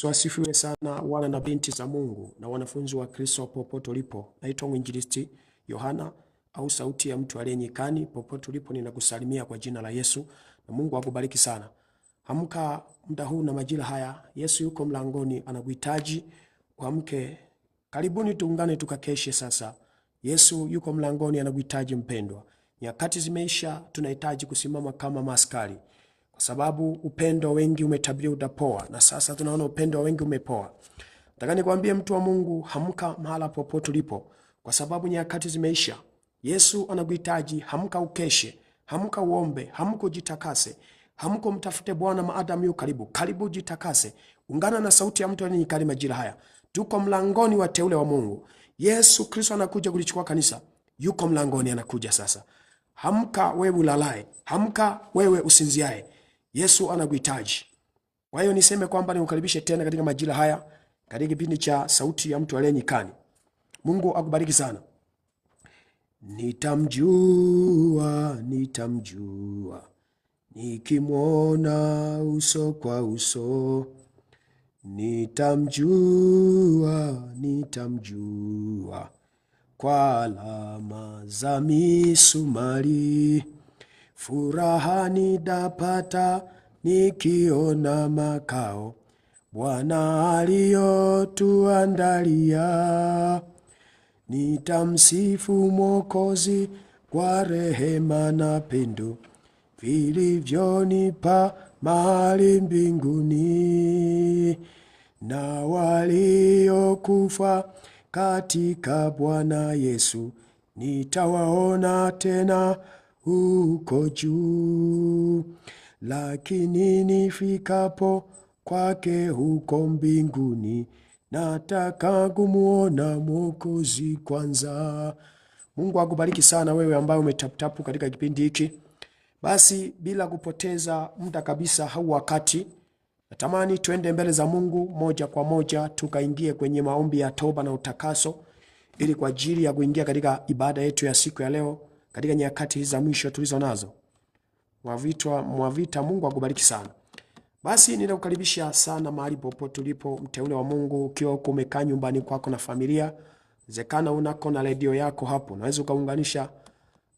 Tuasifiwe sana wana na binti za Mungu na wanafunzi wa Kristo popote ulipo. Naitwa mwinjilisti Yohana au sauti ya mtu aliye nyikani. Popote ulipo, ninakusalimia kwa jina la Yesu na Mungu akubariki sana. Amka muda huu na majira haya, Yesu yuko mlangoni, anakuhitaji uamke. Karibuni tuungane tukakeshe sasa. Yesu yuko mlangoni, anakuhitaji mpendwa. Nyakati zimeisha, tunahitaji kusimama kama maskari kwa sababu upendo wa wengi umetabiriwa utapoa, na sasa tunaona upendo wa wengi umepoa. Nataka nikwambie mtu wa Mungu, hamka mahala popote ulipo, kwa sababu nyakati zimeisha. Yesu anakuhitaji. Hamka ukeshe, hamka uombe, hamka ujitakase, hamka umtafute Bwana maadamu yu karibu. Karibu ujitakase, ungana na sauti ya mtu aliyenyikali majira haya. Tuko mlangoni wa teule wa Mungu. Yesu Kristo anakuja kulichukua kanisa, yuko mlangoni, anakuja sasa. Hamka wewe ulalaye, hamka wewe usinziaye. Yesu anakuhitaji. Kwa hiyo niseme kwamba nikukaribishe tena katika majira haya katika kipindi cha sauti ya mtu aliye nyikani. Mungu akubariki sana. Nitamjua, nitamjua nikimwona uso kwa uso. Nitamjua, nitamjua kwa alama za misumari. Furaha nitapata nikiona makao Bwana aliyotuandalia. Nitamsifu Mwokozi kwa rehema na pendo vilivyonipa mahali mbinguni, na waliokufa katika Bwana Yesu nitawaona tena huko juu, lakini nifikapo kwake huko mbinguni, nataka kumwona Mwokozi kwanza. Mungu akubariki sana wewe ambaye umetaputapu katika kipindi hiki. Basi bila kupoteza muda kabisa au wakati, natamani tuende mbele za Mungu moja kwa moja tukaingie kwenye maombi ya toba na utakaso, ili kwa ajili ya kuingia katika ibada yetu ya siku ya leo katika nyakati za mwisho tulizo nazo. Mwavitwa, Mwavita, Mungu akubariki sana. Basi ninakukaribisha sana mahali popote ulipo mteule wa Mungu, ukiwa huko umekaa nyumbani kwako na familia zekana unako na redio yako hapo, naweza ukaunganisha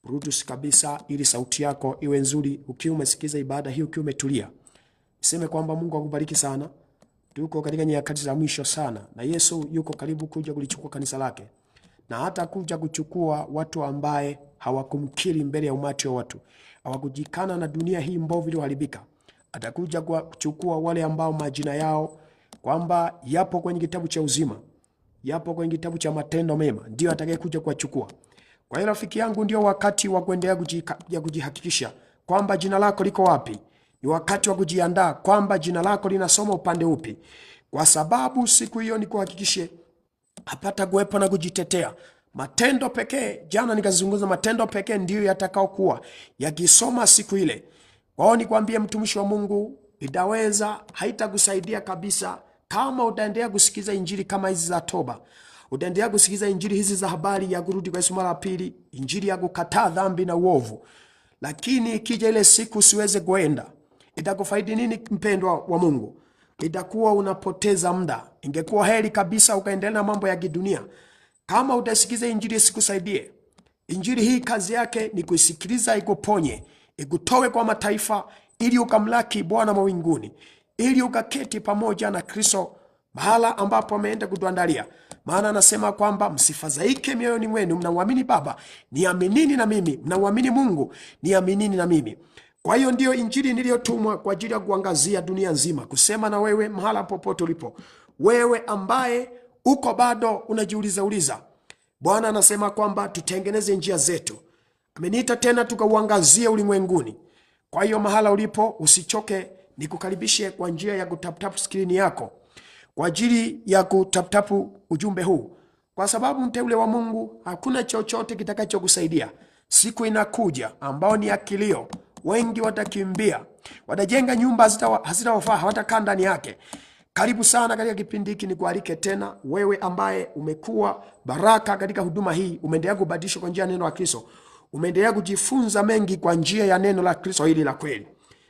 Bluetooth kabisa, ili sauti yako iwe nzuri, ukiwa umesikiza ibada hii ukiwa umetulia. Niseme kwamba Mungu akubariki sana. Tuko katika nyakati za mwisho sana, na Yesu yuko karibu kuja kulichukua kanisa lake na hata kuja kuchukua watu ambaye hawakumkiri mbele ya umati wa watu, hawakujikana na dunia hii mbovu iliyoharibika. Atakuja kuchukua wale ambao majina yao kwamba yapo kwenye kitabu cha uzima, yapo kwenye kitabu cha matendo mema, ndio atakayekuja kuwachukua. Kwa hiyo rafiki yangu, ndio wakati wa kuendelea kujihakikisha kwamba jina lako liko wapi. Ni wakati wa kujiandaa kwamba jina lako linasoma upande upi, kwa sababu siku hiyo ni kuhakikishe, hapata kuwepo na kujitetea. Matendo pekee, jana nikazungumza, matendo pekee ndiyo yatakaokuwa yakisoma siku ile. Kwao nikwambie, mtumishi wa Mungu, itaweza haitakusaidia kabisa kama utaendelea kusikiza injili kama hizi za toba, utaendelea kusikiza injili hizi za habari ya kurudi kwa Yesu mara pili, injili ya kukataa dhambi na uovu, lakini ikija ile siku usiweze kuenda, itakufaidi nini, mpendwa wa Mungu? itakuwa unapoteza muda. Ingekuwa heri kabisa ukaendelea na mambo ya kidunia. Kama utasikiza injili sikusaidie Injili hii kazi yake ni kuisikiliza, ikuponye, ikutowe kwa mataifa, ili ukamlaki Bwana mawinguni, ili ukaketi pamoja na Kristo mahala ambapo ameenda kutuandalia. Maana anasema kwamba msifadhaike mioyoni mwenu, mnauamini Baba niaminini na mimi, mnauamini Mungu niaminini na mimi. Kwa hiyo ndiyo injili niliyotumwa kwa ajili ya kuangazia dunia nzima, kusema na wewe mahala popote ulipo, wewe ambaye uko bado unajiuliza uliza. Bwana anasema kwamba tutengeneze njia zetu, ameniita tena tukauangazie ulimwenguni. Kwa hiyo mahala ulipo, usichoke, nikukaribishe kwa njia ya kutaptap skrini yako kwa ajili ya kutaptapu ujumbe huu, kwa sababu mteule wa Mungu, hakuna chochote kitakachokusaidia. Siku inakuja ambao ni akilio wengi watakimbia, watajenga nyumba hazitawafaa, hawatakaa ndani yake. Karibu sana katika kipindi hiki, nikualike tena wewe ambaye umekuwa baraka katika huduma hii, umeendelea kubadilishwa kwa njia ya neno la Kristo, umeendelea kujifunza mengi kwa njia ya neno la Kristo hili la kweli.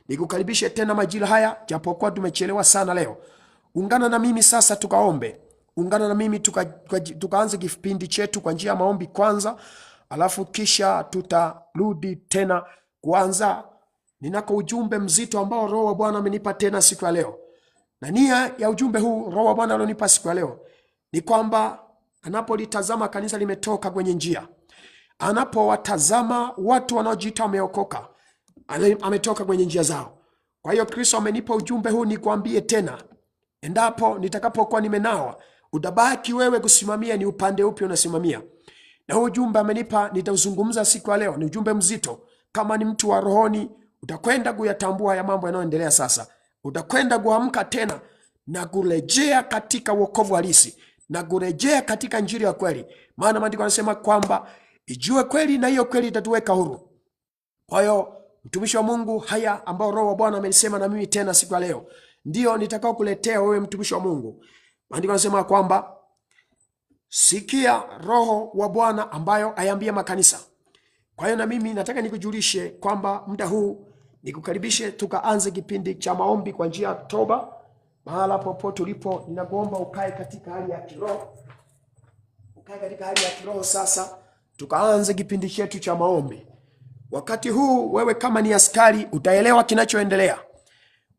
Nikukaribishe tena majira haya, japokuwa tumechelewa sana leo. Ungana na mimi sasa tukaombe. Ungana na mimi tuka, tuka, kipindi chetu kwa njia ya maombi kwanza, alafu kisha tutarudi tena kwanza ninako ujumbe mzito ambao Roho wa Bwana amenipa tena siku ya leo, na nia ya ujumbe huu Roho wa Bwana alionipa siku ya leo ni kwamba anapolitazama kanisa limetoka kwenye njia, anapowatazama watu wanaojiita wameokoka, ametoka kwenye njia zao. Kwa hiyo Kristo amenipa ujumbe huu nikwambie tena, endapo nitakapokuwa nimenawa, utabaki wewe kusimamia ni upande upi unasimamia. Na ujumbe amenipa nitauzungumza siku ya leo, ni ujumbe mzito kama ni mtu wa rohoni, utakwenda kuyatambua haya mambo yanayoendelea sasa. Utakwenda kuamka tena na kurejea katika wokovu halisi na kurejea katika njiri ya kweli, maana maandiko yanasema kwamba ijue kweli na hiyo kweli itatuweka huru. Kwa hiyo mtumishi wa Mungu, haya ambayo Roho wa Bwana amenisema na mimi tena siku ya leo ndiyo nitakao kuletea wewe mtumishi wa Mungu. Maandiko yanasema kwamba sikia Roho wa Bwana ambayo ayambia makanisa kwa hiyo na mimi nataka nikujulishe kwamba muda huu nikukaribishe tukaanze kipindi cha maombi kwa njia ya toba. Mahala popote ulipo, ninakuomba ukae katika hali ya kiroho, ukae katika hali ya kiroho. Sasa tukaanze kipindi chetu cha maombi. Wakati huu wewe kama ni askari utaelewa kinachoendelea.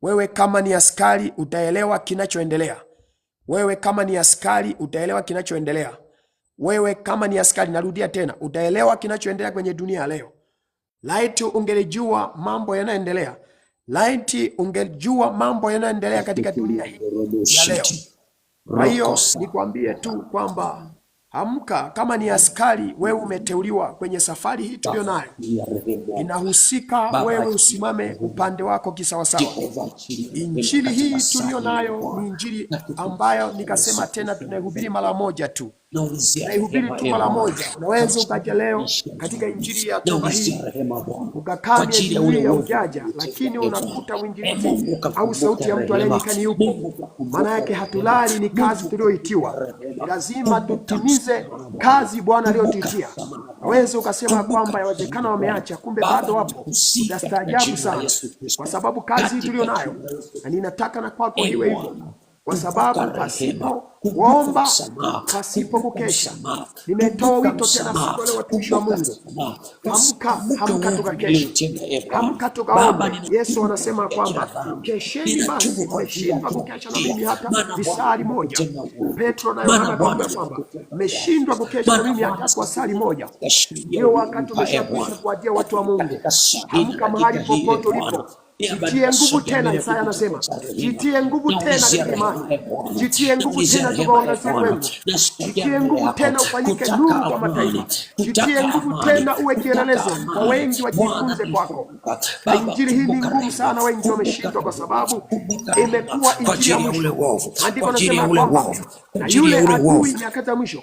Wewe kama ni askari utaelewa kinachoendelea. Wewe kama ni askari utaelewa kinachoendelea wewe kama ni askari, narudia tena, utaelewa kinachoendelea kwenye dunia leo. Laiti ungelijua mambo yanayoendelea, laiti ungelijua mambo yanayoendelea katika dunia hii ya leo. Kwa hiyo nikwambie tu kwamba amka, kama ni askari, wewe umeteuliwa kwenye safari hii tuliyo nayo, inahusika wewe usimame upande wako kisawasawa. Injili hii tuliyo nayo ni injili ambayo nikasema tena, tunahubiri mara moja tu naihubiri tuma la moja. Unaweza ukaja leo katika injili ya tuma hii ukakaa miezi ya ujaja, lakini eh, unakuta mwinjilizi au sauti ya mtu aliyenyikani yupo. Maana yake hatulali, ni kazi tulioitiwa. Lazima tutimize kazi Bwana aliyotuitia. Unaweza ukasema kwamba yawezekana wameacha, kumbe bado wapo. Utastaajabu sana, kwa sababu kazi hii tuliyo nayo, na ninataka na kwako eh, iwe hivyo kwa sababu pasipo kuomba pasipo kukesha. Nimetoa wito tena kwa watumishi wa Mungu, amka, amka tukakesha, amka tukaombe. Yesu anasema kwamba kesheni basi, mmeshindwa kukesha na mimi hata lisali moja. Petro na Yohana kwamba meshindwa kukesha na mimi hata kwa sali moja. Ndio wakati umeshakwisha kuwadia watu wa Mungu, amka mahali popote ulipo. Jitie nguvu tena, Isaya anasema jitie nguvu tena katika imani, jitie nguvu tena tukaona ulimwengu, jitie nguvu tena ufanyike nuru kwa mataifa, jitie nguvu tena uwe kielelezo kwa wengi wajifunze kwako. injili hii ni ngumu sana, wengi wameshindwa kwa sababu imekuwa injili ya mwisho. Andiko nasema kwamba na yule adui nyakati za mwisho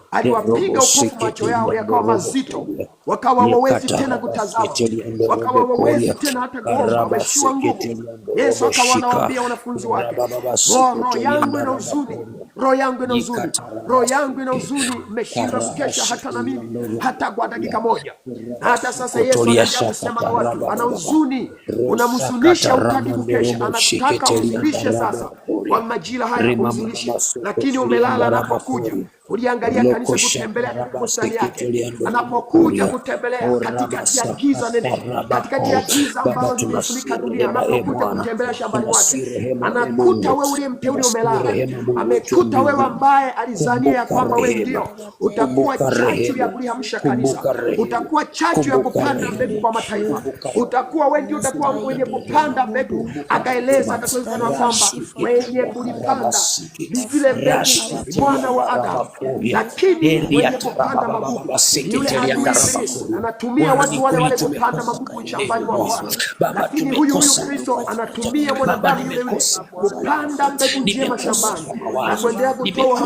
aliwapiga upofu, macho yao yakawa mazito, wakawa wawezi tena kutazama, wakawa wawezi tena hata kuona, wameshiwa nguvu. Yesu akawa anawaambia wanafunzi wake, roho yangu ina huzuni, roho yangu ina huzuni, roho yangu ina huzuni, mmeshindwa kukesha hata na mimi, hata kwa dakika moja. Na hata sasa Yesu anaja kusema na watu, ana huzuni, unamhuzunisha, utaki kukesha, anataka umzilishe sasa kwa majira haya, umzilishe, lakini umelala anapokuja Uliangalia kanisa kutembelea kusali yake, anapokuja kutembelea katikati ya giza nene, katikati ya giza ambalo limefunika dunia, anapokuja kutembelea shambani mwake, anakuta wewe uliyemteule umelala. Amekuta wewe ambaye alizania ya kwamba wewe ndio utakuwa chachu ya kuliamsha kanisa, utakuwa chachu ya kupanda mbegu kwa mataifa, utakuwa wewe ndio utakuwa mwenye kupanda mbegu. Akaeleza akatoa mfano kwamba wenye kulipanda ni vile mbegu, mwana wa Adamu lakini mwenye anatumia watu wale wale kupanda magugu shambani mwa Bwana, lakini huyu huyu Kristo anatumia mwanadamu yule yule kupanda mbegu njema shambani na kuendelea kutoa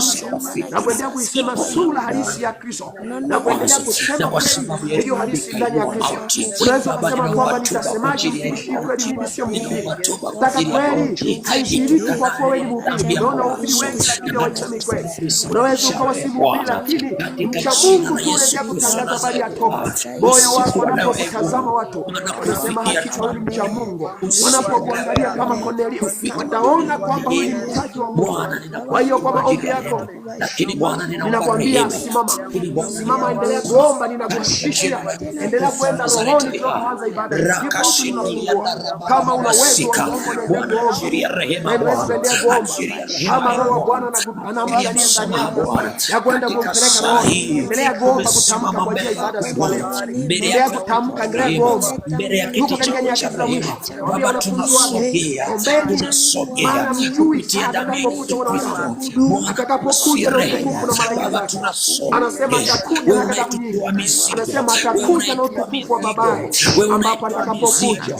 na kuendelea kuisema sura halisi ya Kristo na kuendelea kusema hiyo halisi ndani ya Kristo. Unaweza kusema kwamba nitasemaje kuishi kweli mimi sio mhubiri, nataka kweli haishiriki kwa kuwa wewe ni mhubiri, unaona uhubiri wengi lakini hawasemi kweli. Unaweza wasimu lakini dini, mcha Mungu kutangaza habari ya toba. Moyo wako unapotazama watu unasema hakika huyu mcha Mungu, unapokuangalia kama Cornelio, utaona kwamba huyu ni mtaji wa Mungu. Kwa hiyo kwa maombi yako lakini Bwana, ninakwambia simama, simama, endelea kuomba, ninakushikia, endelea kwenda rohoni, tuanze ibada kama unaweza rehema, kama roho wa Bwana anaangalia ndani yako ya kwenda kumpeleka roho, endelea kuomba, kutamka kwa ajili ya ibada siku leo, endelea kutamka, endelea kuomba mbele ya kiti cha Baba. Tunasogea, tunasogea kupitia damu kwako, atakapokuja na utukufu na malaika zake. Anasema atakuja na kadamia, anasema atakuja na utukufu wa Babaye, ambapo atakapokuja